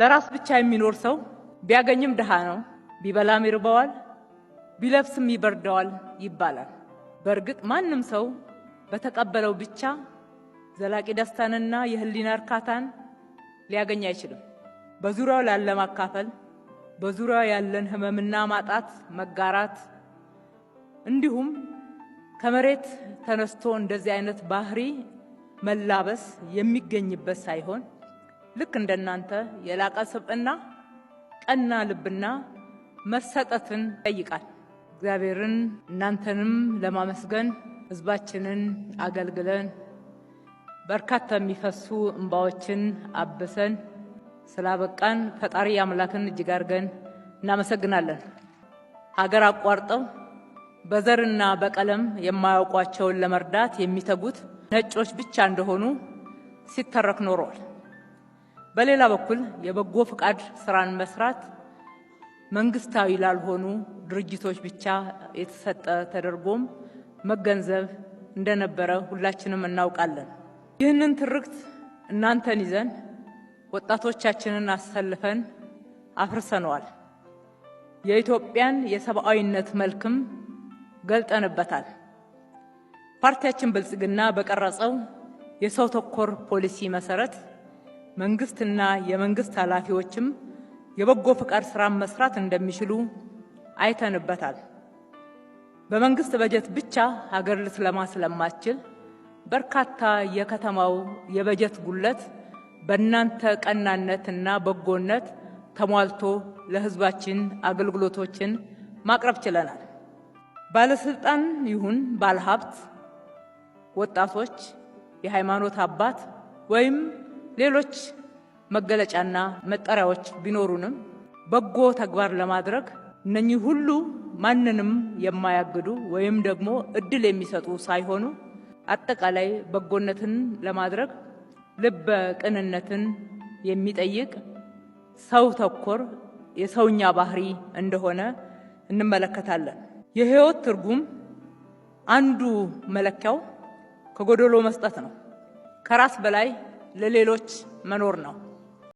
ለራስ ብቻ የሚኖር ሰው ቢያገኝም ድሃ ነው፣ ቢበላም ይርበዋል፣ ቢለብስም ይበርደዋል ይባላል። በእርግጥ ማንም ሰው በተቀበለው ብቻ ዘላቂ ደስታንና የህሊና እርካታን ሊያገኝ አይችልም። በዙሪያው ላለ ማካፈል፣ በዙሪያው ያለን ህመምና ማጣት መጋራት፣ እንዲሁም ከመሬት ተነስቶ እንደዚህ አይነት ባህሪ መላበስ የሚገኝበት ሳይሆን ልክ እንደናንተ የላቀ ስብዕና፣ ቀና ልብና መሰጠትን ይጠይቃል። እግዚአብሔርን እናንተንም ለማመስገን ህዝባችንን አገልግለን በርካታ የሚፈሱ እንባዎችን አብሰን ስላበቃን ፈጣሪ አምላክን እጅግ አድርገን እናመሰግናለን። ሀገር አቋርጠው በዘርና በቀለም የማያውቋቸውን ለመርዳት የሚተጉት ነጮች ብቻ እንደሆኑ ሲተረክ ኖረዋል። በሌላ በኩል የበጎ ፍቃድ ስራን መስራት መንግስታዊ ላልሆኑ ድርጅቶች ብቻ የተሰጠ ተደርጎም መገንዘብ እንደነበረ ሁላችንም እናውቃለን። ይህንን ትርክት እናንተን ይዘን ወጣቶቻችንን አሰልፈን አፍርሰነዋል። የኢትዮጵያን የሰብአዊነት መልክም ገልጠንበታል። ፓርቲያችን ብልጽግና በቀረጸው የሰው ተኮር ፖሊሲ መሰረት መንግስትና የመንግስት ኃላፊዎችም የበጎ ፍቃድ ስራን መስራት እንደሚችሉ አይተንበታል። በመንግስት በጀት ብቻ ሀገር ልትለማ ስለማትችል በርካታ የከተማው የበጀት ጉለት በእናንተ ቀናነትና በጎነት ተሟልቶ ለህዝባችን አገልግሎቶችን ማቅረብ ችለናል። ባለስልጣን ይሁን ባለሀብት፣ ወጣቶች፣ የሃይማኖት አባት ወይም ሌሎች መገለጫና መጠሪያዎች ቢኖሩንም በጎ ተግባር ለማድረግ እነኚህ ሁሉ ማንንም የማያግዱ ወይም ደግሞ እድል የሚሰጡ ሳይሆኑ አጠቃላይ በጎነትን ለማድረግ ልበ ቅንነትን የሚጠይቅ ሰው ተኮር የሰውኛ ባህሪ እንደሆነ እንመለከታለን። የህይወት ትርጉም አንዱ መለኪያው ከጎደሎ መስጠት ነው። ከራስ በላይ ለሌሎች መኖር ነው።